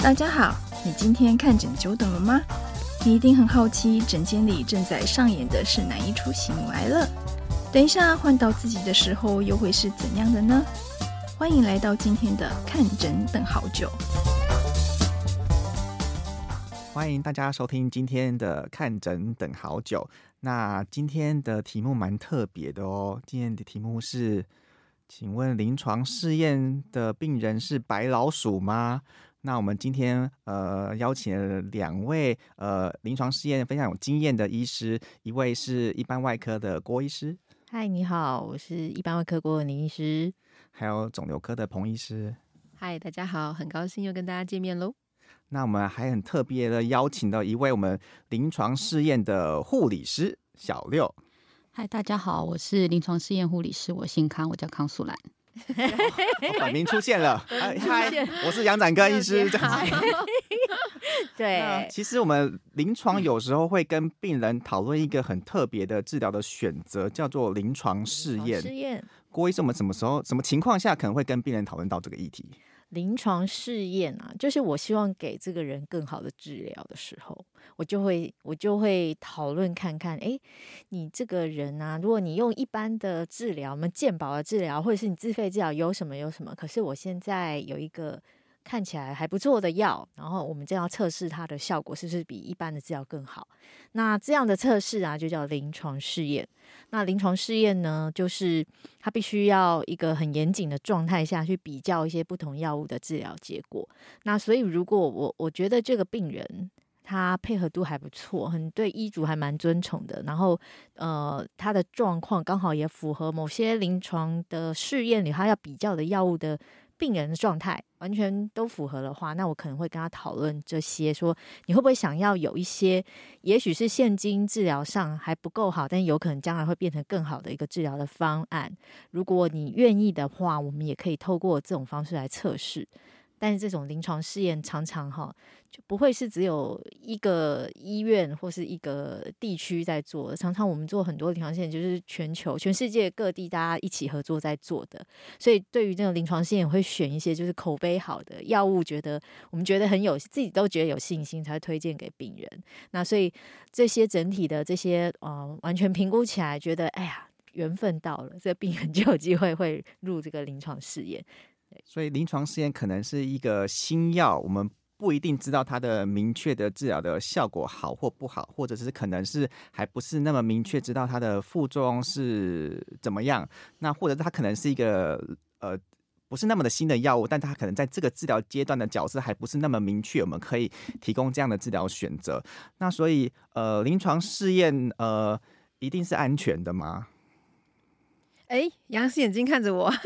大家好，你今天看診久等了嗎？你一定很好奇，診間裡正在上演的是哪一出喜怒哀樂？等一下換到自己的時候，又會是怎樣的呢？歡迎來到今天的看診等好久。歡迎大家收聽今天的看診等好久。那今天的題目蠻特別的哦，今天的題目是。請問臨床試驗的病人是白老鼠嗎？那我們今天呃邀請了兩位呃臨床試驗非常有經驗的醫師，一位是一般外科的郭醫師，嗨，你好，我是一般外科郭玟伶醫師，還有腫瘤科的彭醫師，嗨，大家好，很高興又跟大家見面嘍。那我們還很特別的邀請了一位我們臨床試驗的護理師小六。嗨，hi，大家好，我是臨床試驗護理師，我姓康，我叫康素蘭。我本、哦哦、名出現了，嗨，我是楊展庚醫師，樣 對，其實我們臨床有時候會跟病人討論一個很特別的治療的選擇，叫做臨床試驗。試驗，郭醫生，我們什麼時候、什麼情況下可能會跟病人討論到這個議題？臨床試驗啊，就是我希望給這個人更好的治療的時候，我就會我就會討論看看，哎，你這個人啊，如果你用一般的治療，我們健保的治療，或者是你自費治療，有什麼有什麼？可是我現在有一個看起來還不錯的藥，然後我們就要測試它的效果是不是比一般的治療更好。那這樣的測試啊，就叫臨床試驗。那臨床試驗呢，就是它必須要一個很嚴謹的狀態下去比較一些不同藥物的治療結果。那所以，如果我我覺得這個病人他配合度還不錯，很對醫囑還蠻遵從的，然後呃，他的狀況剛好也符合某些臨床的試驗裡他要比較的藥物的。病人的狀態完全都符合的話，那我可能會跟他討論這些，說你會不會想要有一些，也許是現今治療上還不夠好，但有可能將來會變成更好的一個治療的方案。如果你願意的話，我們也可以透過這種方式來測試。但是這種臨床試驗常常哈就不會是只有一個醫院或是一個地區在做的。常常我們做很多臨床試驗就是全球全世界各地大家一起合作在做的。所以對於這種臨床試驗，我會選一些就是口碑好的藥物，覺得我們覺得很有自己都覺得有信心，才推薦給病人。那所以這些整體的這些啊，完全評估起來，覺得哎呀緣分到了，這個病人就有機會會入這個臨床試驗。所以臨床試驗可能是一個新藥，我們不一定知道它的明確的治療的效果好或不好，或者是可能是還不是那麼明確知道它的副作用是怎麼樣。那或者它可能是一個呃不是那麼的新的藥物，但它可能在這個治療階段的角色還不是那麼明確。我們可以提供這樣的治療選擇。那所以呃臨床試驗呃一定是安全的嗎？哎，楊氏眼睛看着我。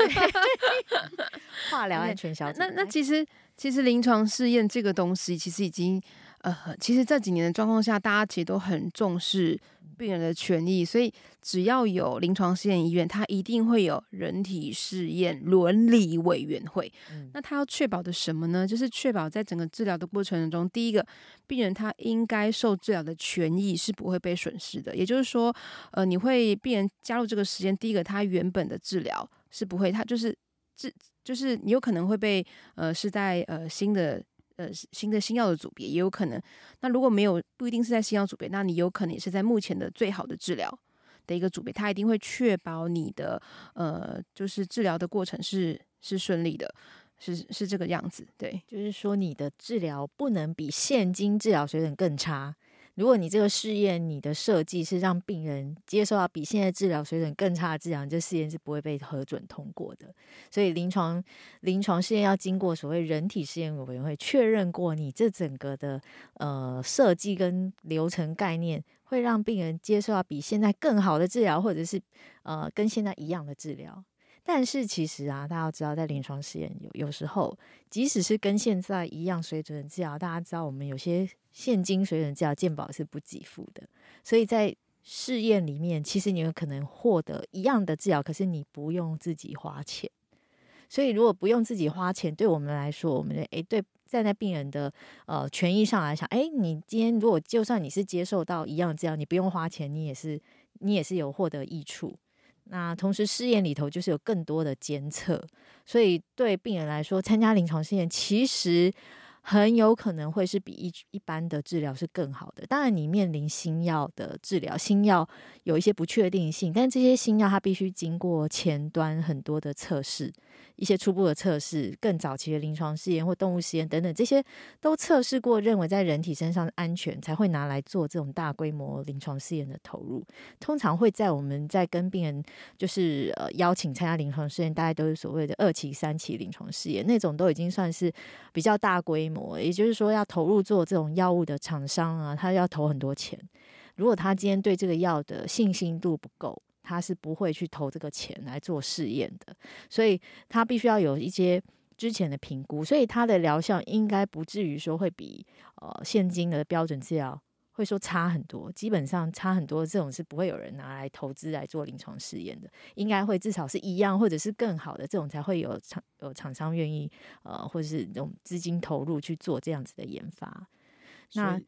化療安全消？那來那，那其實其實臨床試驗這個東西其實已經呃，其實這幾年的狀況下，大家其實都很重視病人的權益，所以只要有臨床試驗醫院，它一定會有人體試驗倫理委員會。嗯，那他要確保的什麼呢就是確保在整個治療的過程中，第一個病人他應該受治療的權益是不會被損失的。也就是說，呃，你會病人加入這個試驗，第一個他原本的治療是不會，他就是治。就是你有可能會被呃，是在呃新的呃新的新藥的組別，也有可能。那如果沒有，不一定是在新藥組別，那你有可能也是在目前的最好的治療的一個組別。它一定會確保你的呃，就是治療的過程是是順利的，是是這個樣子。對，就是說你的治療不能比現今治療水準更差。如果你這個試驗你的設計是讓病人接受到比現在治療水準更差的治療，你這試驗是不會被核准通過的。所以臨床臨床試驗要經過所謂人體試驗委員會確認過，你這整個的呃設計跟流程概念會讓病人接受到比現在更好的治療，或者是呃跟現在一樣的治療。但是其實啊，大家知道，在臨床試驗有有時候，即使是跟現在一樣水準的治療，大家知道我們有些現金水準治療健保是不給付的，所以在試驗裡面，其實你有可能獲得一樣的治療，可是你不用自己花錢。所以如果不用自己花錢，對我們來說，我們的誒，對站在病人的呃權益上來想，哎，你今天如果就算你是接受到一樣的治療，你不用花錢，你也是你也是有獲得益處。那同時試驗裡頭就是有更多的監測，所以對病人來說，參加臨床試驗其實，很有可能會是比一一般的治療是更好的。當然，你面臨新藥的治療，新藥有一些不確定性，但這些新藥它必須經過前端很多的測試，一些初步的測試、更早期的臨床試驗或動物試驗等等，這些都測試過，認為在人體身上安全，才會拿來做這種大規模臨床試驗的投入。通常會在我們在跟病人就是呃邀請參加臨床試驗，大概都是所謂的二期、三期臨床試驗，那種都已經算是比較大規模。也就是說，要投入做這種藥物的廠商啊，他要投很多錢。如果他今天對這個藥的信心度不夠，他是不會去投這個錢來做試驗的。所以他必須要有一些之前的評估，所以他的療效應該不至於說會比呃現今的標準治療。會說差很多，基本上差很多，這種是不會有人拿來投資來做臨床試驗的。應該會至少是一樣，或者是更好的這種，才會有廠有廠商願意呃，或者是這種資金投入去做這樣子的研發。那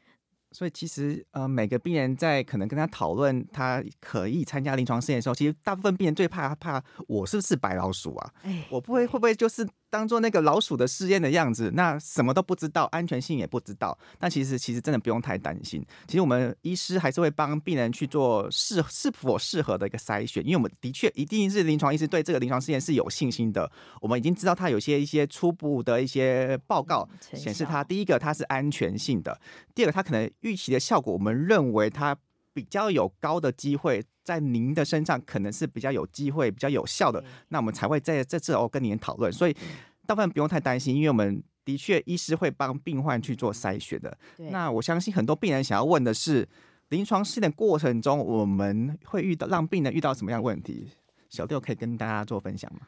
所以其實呃，每個病人在可能跟他討論他可以參加臨床試驗的時候，其實大部分病人最怕怕，我是不是白老鼠啊？哎，我不會，會不會就是。當做那個老鼠的試驗的樣子，那什麼都不知道，安全性也不知道。那其實其實真的不用太擔心。其實我們醫師還是會幫病人去做適是，是否適合的一個篩選，因為我們的確一定是臨床醫師對這個臨床試驗是有信心的。我們已經知道他有些一些初步的一些報告顯示他，他第一個它是安全性的，第二個他可能預期的效果，我們認為他比較有高的機會。在您的身上可能是比較有機會、比較有效的,那我們才會在這次哦跟您討論。所以，大部分不用太擔心，因為我們的確醫師會幫病患去做篩選的。對那我相信很多病人想要問的是，臨床試驗的過程中我們會遇到讓病人遇到什麼樣的問題？小六可以跟大家做分享嗎？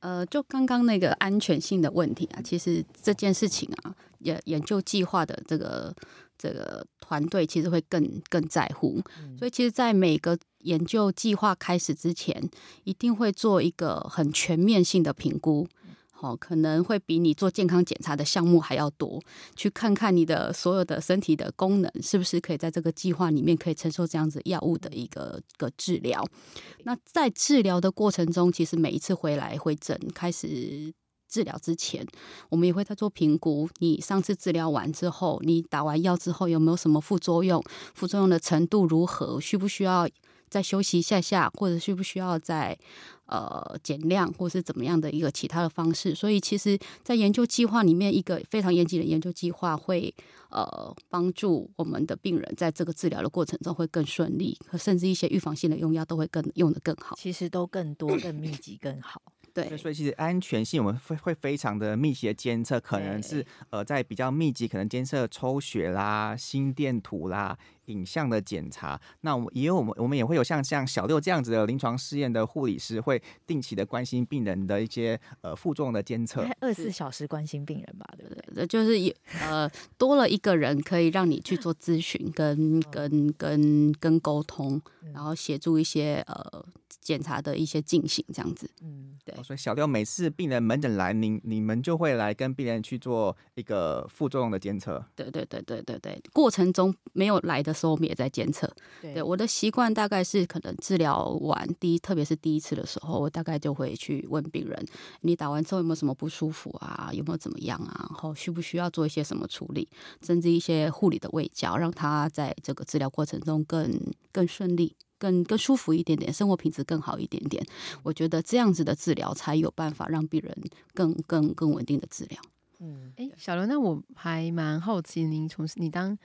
呃，就剛剛那個安全性的問題啊，其實這件事情啊，也研究計劃的這個。這個團隊其實會更更在乎，所以其實，在每個研究計劃開始之前，一定會做一個很全面性的評估，好、哦，可能會比你做健康檢查的項目還要多，去看看你的所有的身體的功能是不是可以在這個計劃裡面可以承受這樣子藥物的一個一個治療。那在治療的過程中，其實每一次回來會診開始。治療之前，我們也會再做評估。你上次治療完之後，你打完藥之後有沒有什麼副作用？副作用的程度如何？需不需要再休息一下下，或者需不需要再呃減量，或是怎麼樣的一個其他的方式？所以，其實，在研究計劃裡面，一個非常嚴謹的研究計劃會呃幫助我們的病人在這個治療的過程中會更順利，甚至一些預防性的用藥都會更用得更好。其實都更多、更密集、更好。對，所以其實安全性我們會會非常的密集的監測，可能是對呃在比較密集，可能監測抽血啦、心電圖啦。影像的檢查，那我們也有我們我們也會有像像小六這樣子的臨床試驗的護理師，會定期的關心病人的一些呃副作用的監測，二十四小時關心病人吧，對不對？是對對對對就是呃多了一個人，可以讓你去做諮詢跟 跟跟跟跟溝通，然後協助一些呃檢查的一些進行這樣子。嗯，對。哦，所以小六每次病人門診來，你你們就會來跟病人去做一個副作用的監測。對對對對對對對，過程中沒有來的。的時候我們也在監測。對，我的習慣大概是，可能治療完第一，特別是第一次的時候，我大概就會去問病人：你打完之後有沒有什麼不舒服啊？有沒有怎麼樣啊？然後需不需要做一些什麼處理，甚至一些護理的衛教讓他在這個治療過程中更更順利、更更舒服一點點，生活品質更好一點點。我覺得這樣子的治療才有辦法讓病人更更更穩定的治療。嗯，誒、欸，小六，那我還蠻好奇，您從事你當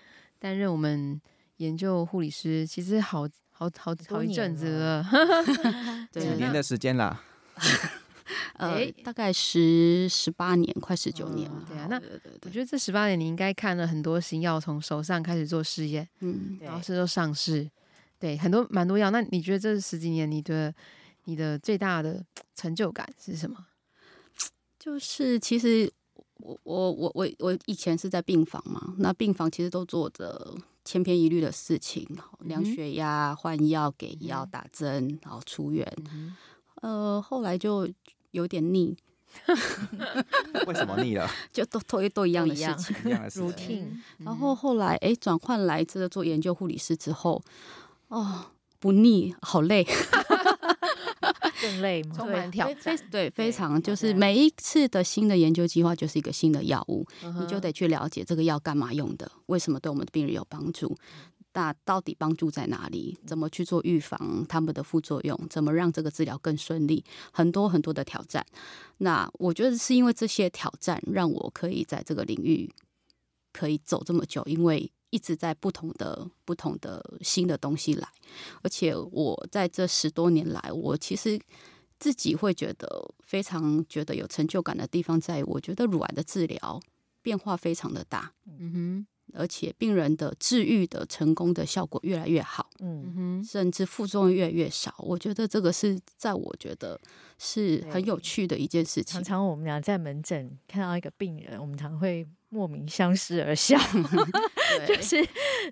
擔任我們。研究護理師其實好好好好一陣子了，幾年的時間啦。哎、 呃，欸、大概十十八年，快十九年了，嗯。對啊，那對對對對，我覺得這十八年你應該看了很多新藥，從手上開始做試驗，嗯，然後是都上市，對，很多蠻多藥。那你覺得這十幾年，你的你的最大的成就感是什麼？就是其實我我我我我以前是在病房嘛，那病房其實都做著千篇一律的事情，量血壓、換藥、嗯、藥給藥、打針、嗯，然後出院。嗯、呃，後來就有點膩。 為什麼膩了？就都都都一樣的事情。聽。對然後後來，哎，轉換來這個做研究護理師之後，哦，不膩，好累。 更累，對，非常，對就是每一次的新的研究計劃就是一個新的藥物，嗯、哼你就得去了解這個藥乾嘛用的，為什麼對我們的病人有幫助，那到底幫助在哪裡？怎麼去做預防他們的副作用？怎麼讓這個治療更順利？很多很多的挑戰。那我覺得是因為這些挑戰讓我可以在這個領域可以走這麼久，因為。一直在不同的，不同的新的東西來，而且我在這十多年來，我其實自己會覺得非常覺得有成就感的地方，在於我覺得乳癌的治療變化非常的大。嗯哼。而且病人的治癒的成功的效果越來越好，嗯哼，甚至副作用越來越少。嗯、哼我覺得這個是在我覺得是很有趣的一件事情。常常我們倆在門診看到一個病人，我們常會莫名相視而笑，嗯、 就是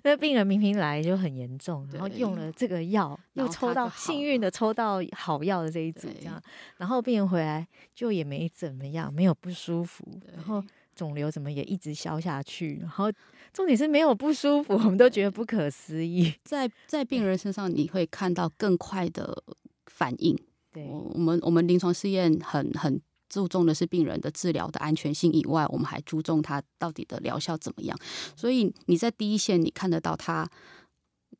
那病人明明來就很嚴重，對然後用了這個藥，個又抽到幸運的抽到好藥的這一組，這樣，對然後病人回來就也沒怎麼樣，沒有不舒服，然後。腫瘤怎麼也一直消下去，然後重點是沒有不舒服，我們都覺得不可思議。在在病人身上，你會看到更快的反應。對，我，我們我們臨床試驗很很注重的是病人的治療的安全性以外，我們還注重他到底的療效怎麼樣。所以你在第一線，你看得到他。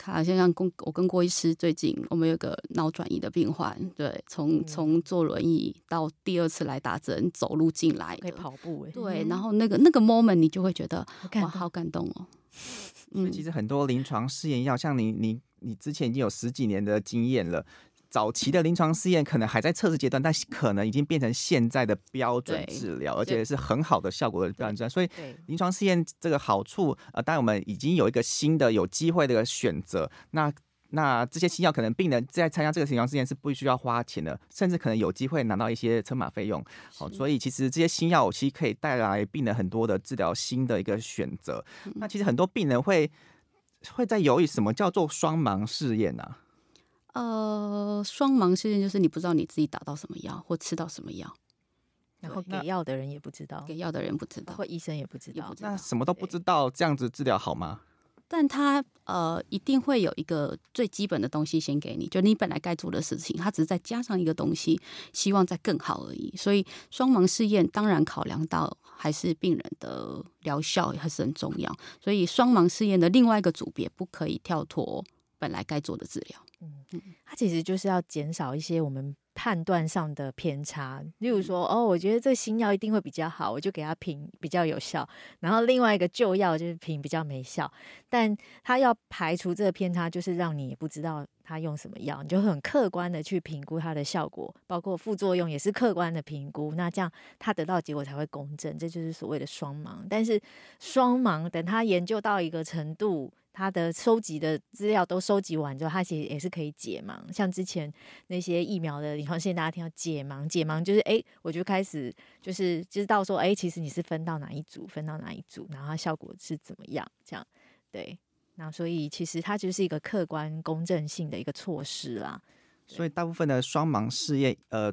好先，像跟我跟郭醫師最近，我們有個腦轉移的病患，對，從從坐輪椅到第二次來打針，走路進來，可以跑步、欸、對，然後那個那個 moment 你就會覺得我，哇，好感動哦。嗯、所以其實很多臨床試驗藥，像你你你之前已經有十幾年的經驗了。早期的臨床試驗可能還在測試階段，但可能已經變成現在的標準治療，對而且是很好的效果的標準治療。所以臨床試驗這個好處，呃，當然我們已經有一個新的有機會的一個選擇。那那這些新藥可能病人在參加這個臨床試驗是不需要花錢的，甚至可能有機會拿到一些車馬費用。好是、哦，所以其實這些新藥其實可以帶來病人很多的治療新的一個選擇。那其實很多病人會會在猶豫什麼叫做雙盲試驗啊？呃，雙盲試驗就是你不知道你自己打到什麼藥或吃到什麼藥，然後對那給藥的人也不知道，給藥的人不知道，或醫生也不知道，知道那什麼都不知道，對這樣子治療好嗎？但他呃，一定會有一個最基本的東西先給你，就你本來該做的事情，他只是再加上一個東西，希望再更好而已。所以雙盲試驗當然考量到還是病人的療效還是很重要，所以雙盲試驗的另外一個組別不可以跳脫本來該做的治療。嗯，它其實就是要減少一些我們判斷上的偏差，例如說，哦，我覺得這新藥一定會比較好，我就給它評比較有效，然後另外一個舊藥就是評比較沒效，但它要排除這個偏差，就是讓你也不知道它用什麼藥，你就很客觀的去評估它的效果，包括副作用也是客觀的評估，那這樣它得到結果才會公正，這就是所謂的雙盲。但是雙盲等它研究到一個程度。他的收集的資料都收集完之後，他其實也是可以解盲。像之前那些疫苗的，然後現在大家聽到解盲，解盲就是，哎、欸，我就開始就是知道說，哎、欸，其實你是分到哪一組，分到哪一組，然後效果是怎麼樣，這樣對。那所以其實它就是一個客觀公正性的一個措施啦。所以大部分的雙盲試驗，呃，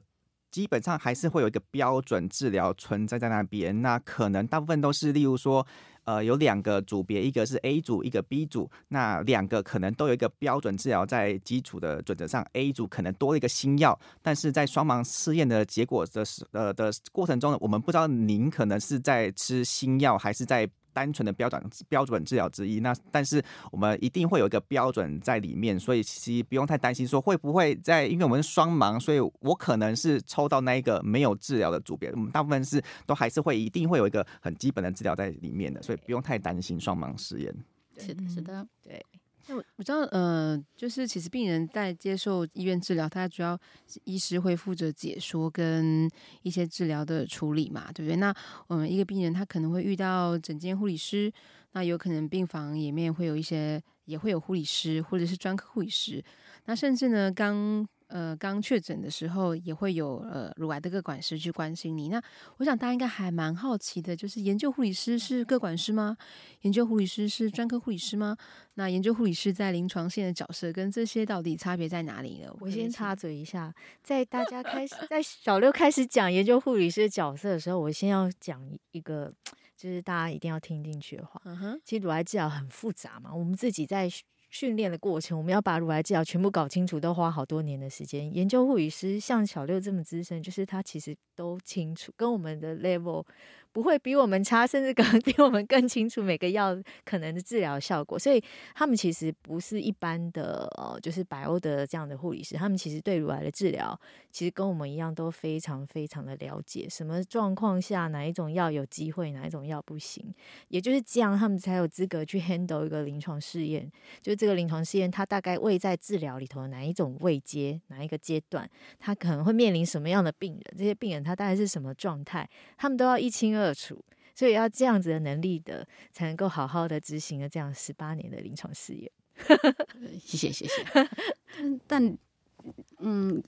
基本上還是會有一個標準治療存在在那邊。那可能大部分都是，例如說。呃，有兩個組別，一個是 A 組，一個 B 組。那兩個可能都有一個標準治療在基礎的準則上，A 組可能多了一個新藥，但是在雙盲試驗的結果的呃的過程中呢，我們不知道您可能是在吃新藥還是在。單純的標準標準治療之一，那但是我們一定會有一個標準在裡面，所以其實不用太擔心說會不會在，因為我們是雙盲，所以我可能是抽到那一個沒有治療的組別，我們大部分是都還是會一定會有一個很基本的治療在裡面的，所以不用太擔心雙盲實驗。是的，是的，對。那我知道，呃，就是其實病人在接受醫院治療，他主要醫師會負責解說跟一些治療的處理嘛，對不對？那我們、呃、一個病人他可能會遇到診間護理師，那有可能病房裡面會有一些也會有護理師或者是專科護理師，那甚至呢剛。呃，剛確診的時候也會有呃，乳癌，的個管師去關心你。那我想大家應該還蠻好奇的，就是研究護理師是個管師嗎？研究護理師是專科護理師嗎？那研究護理師在臨床線的角色跟這些到底差別在哪裡呢？我，我先插嘴一下，在大家開始在小六開始講研究護理師的角色的時候，我先要講一個就是大家一定要聽進去的話。嗯哼，其實乳癌治療很複雜嘛，我們自己在。訓練的過程，我們要把乳癌治療全部搞清楚，都花好多年的時間。研究護理師像小六這麼資深，就是他其實都清楚，跟我們的 level。不會比我們差，甚至可能比我們更清楚每個藥可能的治療效果，所以他們其實不是一般的，呃、哦，就是百歐的這樣的護理師，他們其實對乳癌的治療其實跟我們一樣都非常非常的了解，什麼狀況下哪一種藥有機會，哪一種藥不行，也就是這樣，他們才有資格去 handle 一個臨床試驗，就是這個臨床試驗它大概位在治療裡頭哪一種位階、哪一個階段，它可能會面臨什麼樣的病人，這些病人他大概是什麼狀態，他們都要一清二處，所以要這樣子的能力的，才能夠好好的執行了這樣十八年的臨床試驗。 呃、謝謝謝謝。但嗯，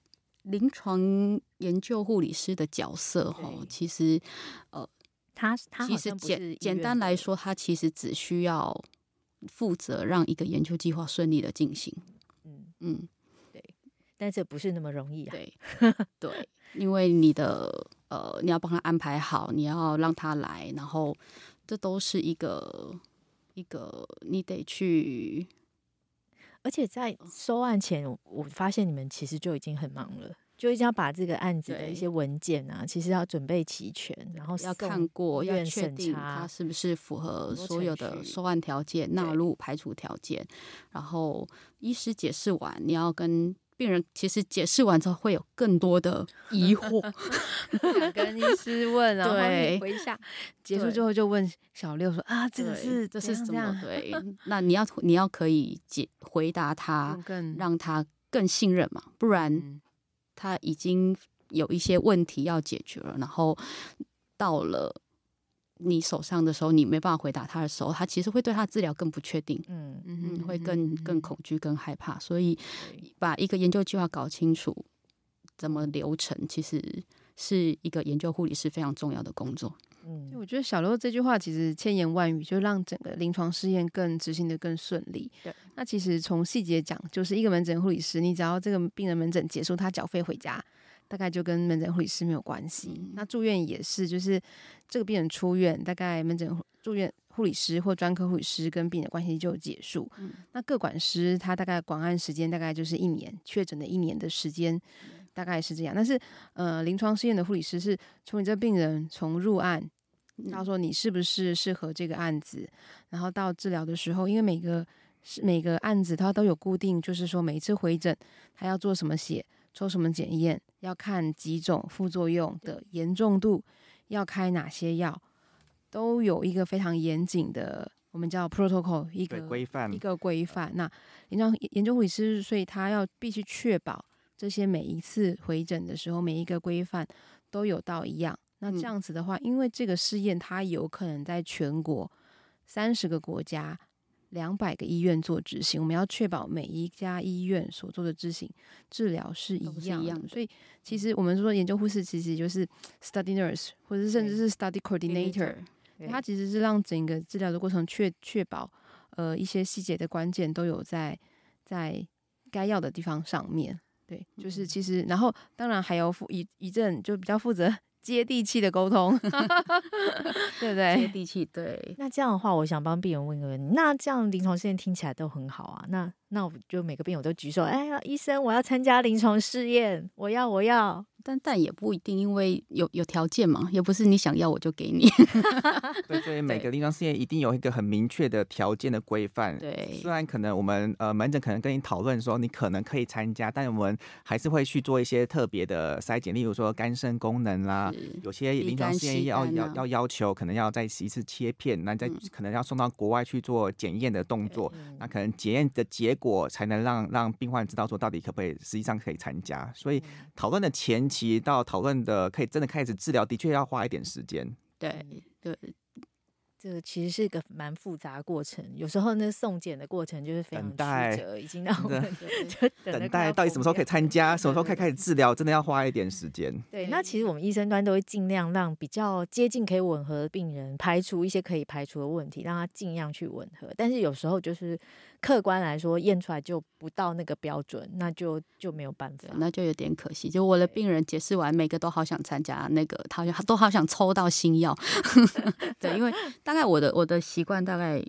臨床研究護理師的角色吼對，其實呃，他他其實簡簡單來說，他其實只需要負責讓一個研究計劃順利的進行。嗯嗯，嗯對，但這不是那麼容易啊。 對，因為你的。呃，你要幫他安排好，你要讓他來，然後這都是一個一個你得去，而且在收案前，呃、我發現你們其實就已經很忙了，就一定要把這個案子的一些文件啊，對其實要準備齊全，然後要看過，要確定它是不是符合所有的收案條件、納入排除條件，然後醫師解釋完，你要跟。病人其實解釋完之後會有更多的疑惑， 跟醫師問，然對，回一下，對結束之後就問小六說對啊，這個是對這是什麼？這樣這樣，對，那你要你要可以解回答他，更讓他更信任嘛，不然他已經有一些問題要解決了，然後到了。你手上的時候，你沒辦法回答他的時候，他其實會對他治療更不確定，嗯嗯，嗯會更更恐懼、更害怕。嗯、所以，對把一個研究計劃搞清楚怎麼流程，其實是一個研究護理師非常重要的工作。嗯，我覺得小六這句話其實千言萬語，就讓整個臨床試驗更執行的更順利。對，那其實從細節講，就是一個門診護理師，你只要這個病人門診結束，他繳費回家。大概就跟門診護理師沒有關係。嗯、那住院也是，就是這個病人出院，大概門診住院護理師或專科護理師跟病人關係就結束。嗯、那個管師他大概管案時間大概就是一年，確診的一年的時間，大概是這樣。嗯、但是呃，臨床試驗的護理師是從你這個病人從入案，到說你是不是適合這個案子，嗯、然後到治療的時候，因為每個是每個案子它都有固定，就是說每一次回診他要做什麼血，抽什麼檢驗。要看幾種副作用的嚴重度，要開哪些藥，都有一個非常嚴謹的，我們叫 protocol，一個規範，一個規範。那臨床研究護理師，所以他要必須確保這些每一次回診的時候，每一個規範都有到一樣。那這樣子的話，嗯、因為這個試驗它有可能在全國三十個國家，兩百個醫院做執行，我們要確保每一家醫院所做的執行治療是一樣的。一樣的，所以其實我們說研究護士其實就是 study nurse，或者甚至是 study coordinator，他對其實是讓整個治療的過程確，確保呃一些細節的關鍵都有在在該要的地方上面，對，就是其實、嗯、然後當然還有負一一陣就比較負責。接地氣的溝通， 對不對？接地氣，對。那這樣的話，我想幫病人問一個問題，那這樣臨床試驗聽起來都很好啊，那。那我就每個病友都舉手，哎呀，醫生，我要參加臨床試驗，我要，我要。但但也不一定，因為有有條件嘛，也不是你想要我就給你。 對，對，對，所以每個臨床試驗一定有一個很明確的條件的規範。對，雖然可能我們呃門診可能跟你討論說你可能可以參加，但我們還是會去做一些特別的篩檢，例如說肝腎功能啦，是有些臨床試驗要干干、啊、要要要求可能要再洗一次切片，那再可能要送到國外去做檢驗的動作，嗯、那可能檢驗的結。過才能讓讓病患知道說到底可不可以，實際上可以參加。所以討論的前期到討論的可以真的開始治療，的確要花一點時間。對、嗯、對，這個、其實是一個蠻複雜的過程。有時候那送檢的過程就是非常曲折，待已經讓我們就，的就等，等待到底什麼時候可以參加，什麼時候可以開始治療，真的要花一點時間。對，那其實我們醫生端都會儘量讓比較接近可以吻合的病人，排除一些可以排除的問題，讓他儘量去吻合。但是有時候就是。客觀來說，驗出來就不到那個標準，那就就沒有辦法，那就有點可惜。就我的病人解釋完，對每個都好想參加那個，他好像，他都好想抽到新藥。 對，對，因為大概我的我的習慣，大概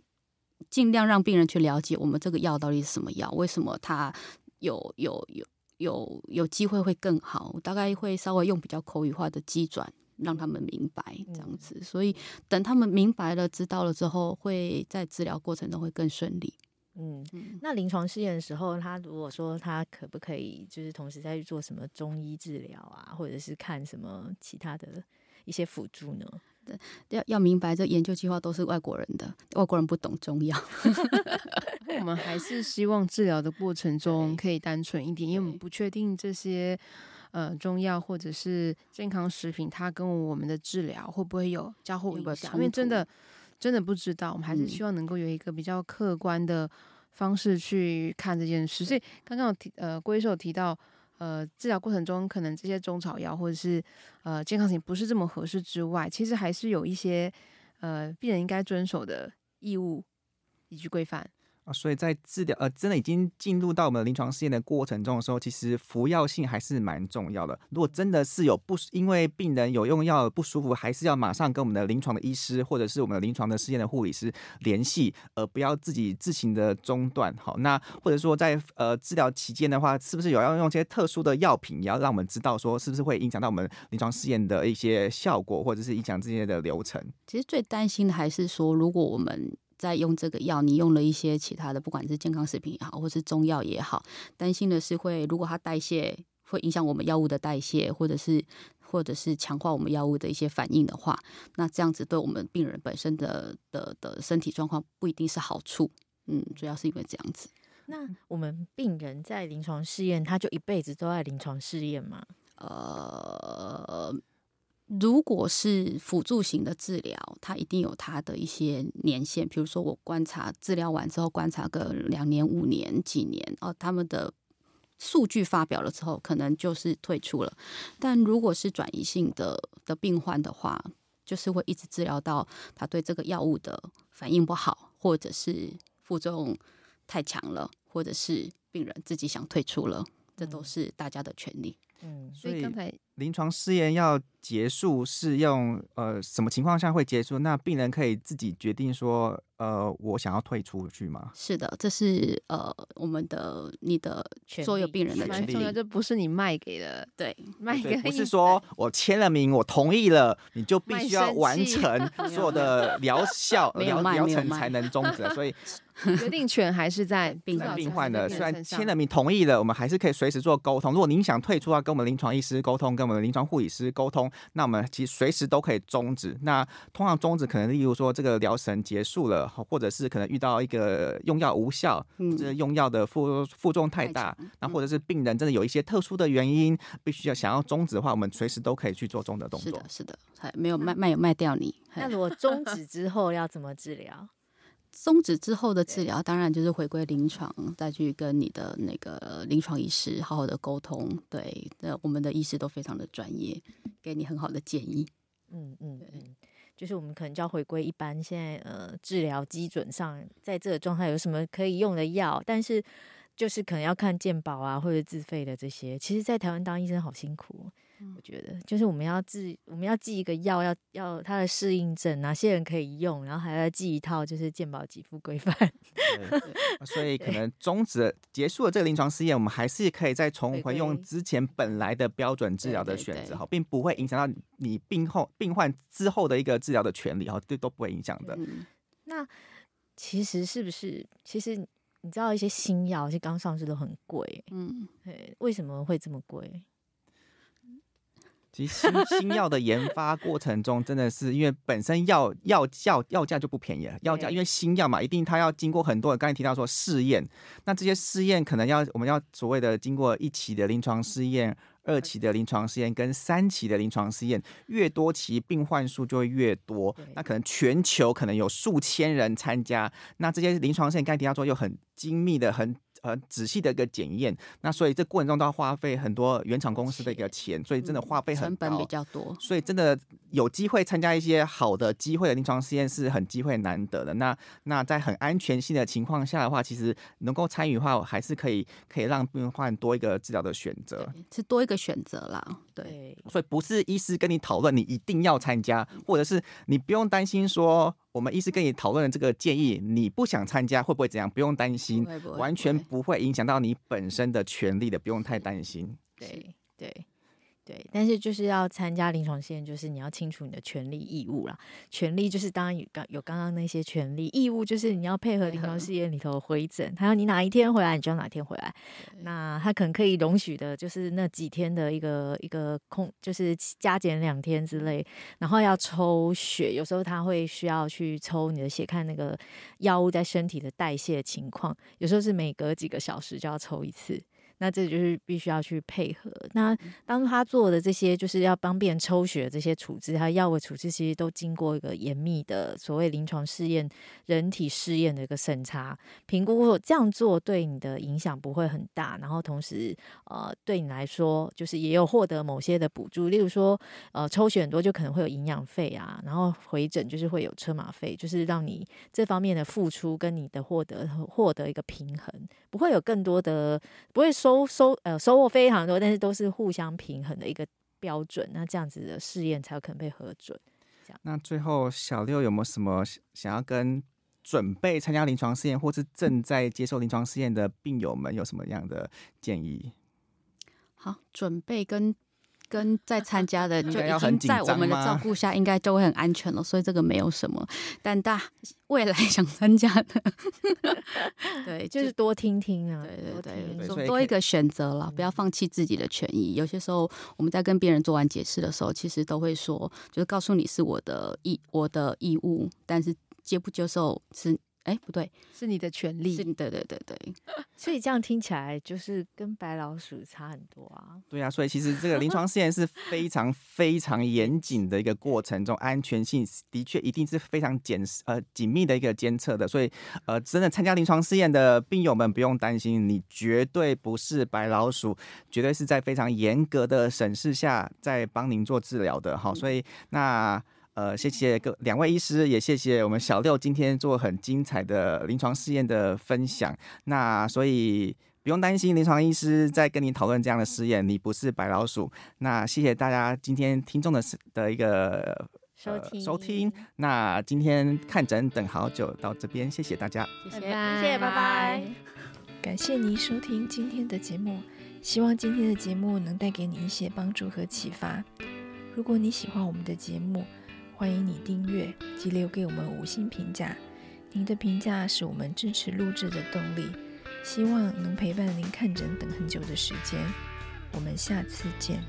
盡量讓病人去了解我們這個藥到底是什麼藥，為什麼他有有有有有機會會更好。大概會稍微用比較口語化的機轉讓他們明白這樣子，嗯、所以等他們明白了、知道了之後，會在治療過程中會更順利。嗯，那臨床試驗的時候，他如果說他可不可以，就是同時再去做什麼中醫治療啊，或者是看什麼其他的一些輔助呢？對，要要明白，這研究計劃都是外國人的，外國人不懂中藥。 我們還是希望治療的過程中可以單純一點，對因為我們不確定這些呃中藥或者是健康食品，它跟我們的治療會不會有交互影響，因為真的。真的不知道，我們還是希望能夠有一個比較客觀的方式去看這件事。嗯、所以剛剛有提呃郭醫師提到，呃治療過程中可能這些中草藥或者是呃健康型不是這麼合適之外，其實還是有一些呃病人應該遵守的義務以及規範。啊，所以在治療呃，真的已經進入到我們臨床試驗的過程中的時候，其實服藥性還是蠻重要的。如果真的是有不，因為病人有用藥不舒服，還是要馬上跟我們的臨床的醫師或者是我們的臨床的試驗的護理師聯繫，而、呃、不要自己自行的中斷。好，那或者說在呃治療期間的話，是不是有要用一些特殊的藥品，也要讓我們知道說是不是會影響到我們臨床試驗的一些效果，或者是影響這些的流程？其實最擔心的還是說，如果我們。在用這個藥，你用了一些其他的，不管是健康食品也好，或是中藥也好，擔心的是會如果它代謝會影響我們藥物的代謝，或者是或者是強化我們藥物的一些反應的話，那這樣子對我們病人本身的的的身體狀況不一定是好處。嗯，主要是因為這樣子。那我們病人在臨床試驗，他就一輩子都在臨床試驗嗎？呃。如果是輔助型的治療，它一定有它的一些年限，比如說我觀察治療完之後觀察個兩年、五年、幾年哦、呃，他們的數據發表了之後，可能就是退出了。但如果是轉移性的的病患的話，就是會一直治療到他對這個藥物的反應不好，或者是副作用太強了，或者是病人自己想退出了，這都是大家的權利。嗯嗯，所以剛才臨床試驗要結束是用呃，什麼情況下會結束？那病人可以自己決定說，呃，我想要退出去嗎？是的，這是呃我們的你的所有病人的權利，這命力不是你賣給了對，賣給你不是說我簽了名， 我同意了，你就必須要完成所有的療效療療 賣程才能終止，所以 決定權還是在病患 是在病患的。雖然簽了名同意了，我們還是可以隨時做溝通。如果您想退出啊。跟我們臨床醫師溝通，跟我們臨床護理師溝通，那我們其實隨時都可以終止。那通常終止可能例如說這個療程結束了，或者是可能遇到一個用藥無效，嗯、或是用藥的副作用太大，那、嗯、或者是病人真的有一些特殊的原因，必須要想要終止的話，我們隨時都可以去做終止動作。是的，是的，還沒有賣賣賣掉你。那如果終止之後要怎麼治療？ 終止之後的治療，當然就是回歸臨床，對再去跟你的那個臨床醫師好好的溝通。對，那我們的醫師都非常的專業，給你很好的建議。嗯嗯嗯，就是我們可能就要回歸一般，現在呃治療基準上，在這個狀態有什麼可以用的藥？但是就是可能要看健保啊，或者自費的這些。其實，在台灣當醫生好辛苦。我覺得就是我們要記，我們要記一個藥要要它的適應症，哪些人可以用，然後還要記一套就是健保給付規範。所以可能終止對結束了這個臨床試驗，我們還是可以再重回用之前本來的標準治療的選擇哈，並不會影響到你病後病患之後的一個治療的權利哈，這都不會影響的。嗯、那其實是不是？其實你知道一些新藥，是剛上市都很貴，嗯，為什麼會這麼貴？其實新新藥的研發過程中，真的是因為本身藥藥價藥，藥價就不便宜了，藥價因為新藥嘛，一定它要經過很多。剛才提到說試驗，那這些試驗可能要我們要所謂的經過一期的臨床試驗、二期的臨床試驗跟三期的臨床試驗，越多期病患數就會越多。那可能全球可能有數千人參加，那這些臨床試驗剛才提到說有很精密的很。很仔細的一個檢驗，那所以這過程中都要花費很多原廠公司的一個錢，且所以真的花費很、嗯、成本比較多。所以真的有機會參加一些好的機會的臨床試驗是很機會難得的。那那在很安全性的情況下的話，其實能夠參與的話，我還是可以可以讓病患多一個治療的選擇，是多一個選擇啦。對，所以不是醫師跟你討論你一定要參加，或者是你不用擔心說。我們醫師跟你討論的這個建議，你不想參加會不會怎樣？不用擔心，不會不會完全不會影響到你本身的權利的，嗯、不用太擔心。對對。對對，但是就是要參加臨床試驗，就是你要清楚你的權利義務啦。權利就是當然有剛有剛剛那些權利義務，就是你要配合臨床試驗裡頭回診， 還有你哪一天回來，你就要哪一天回來。對 那他可能可以容許的，就是那幾天的一個一個空，就是加減兩天之類。然後要抽血，有時候他會需要去抽你的血，看那個藥物在身體的代謝情況。有時候是每隔幾個小時就要抽一次。那這就是必須要去配合。那當他做的這些，就是要幫病人抽血這些處置，他藥物處置，其實都經過一個嚴密的所謂臨床試驗、人體試驗的一個審查評估。這樣做對你的影響不會很大，然後同時呃，對你來說就是也有獲得某些的補助，例如說呃抽血很多就可能會有營養費啊，然後回診就是會有車馬費，就是讓你這方面的付出跟你的獲得獲得一個平衡，不會有更多的，不會收。都收呃，收穫非常多，但是都是互相平衡的一個標準，那這樣子的試驗才有可能被核准。這樣，那最後小六有沒有什麼想要跟準備參加臨床試驗或是正在接受臨床試驗的病友們有什麼樣的建議？好，準備跟。跟在參加的就已經在我們的照顧下應該，應該就會很安全了，所以這個沒有什麼但大。未來想參加的， 對，就，就是多聽聽啊，對對對，多，聽聽聽多一個選擇了，以以不要放棄自己的權益。嗯、有些時候我們在跟別人做完解釋的時候，其實都會說，就是告訴你是我的義，我的義務，但是接不接受是。哎，不對，是你的權利。是，對對對對。所以這樣聽起來就是跟白老鼠差很多啊。對啊，所以其實這個臨床試驗是非常非常嚴謹的一個過程中，這種安全性的確一定是非常緊呃緊密的一個監測的。所以呃，真的參加臨床試驗的病友們不用擔心，你絕對不是白老鼠，絕對是在非常嚴格的審視下在幫您做治療的。好，所以那。呃，謝謝各兩位醫師，也謝謝我們小六今天做很精彩的臨床試驗的分享。那所以不用擔心，臨床醫師在跟你討論這樣的試驗，你不是白老鼠。那謝謝大家今天聽眾的的一個收聽、呃、收聽。收聽，那今天看診等好久到這邊，謝謝大家，謝謝，拜拜謝謝，拜拜。感謝您收聽今天的節目，希望今天的節目能帶給你一些幫助和啟發。如果你喜歡我們的節目，歡迎你訂閱及留給我們五星評價，您的評價是我們支持錄制的動力。希望能陪伴您看診等很久的時間，我們下次見。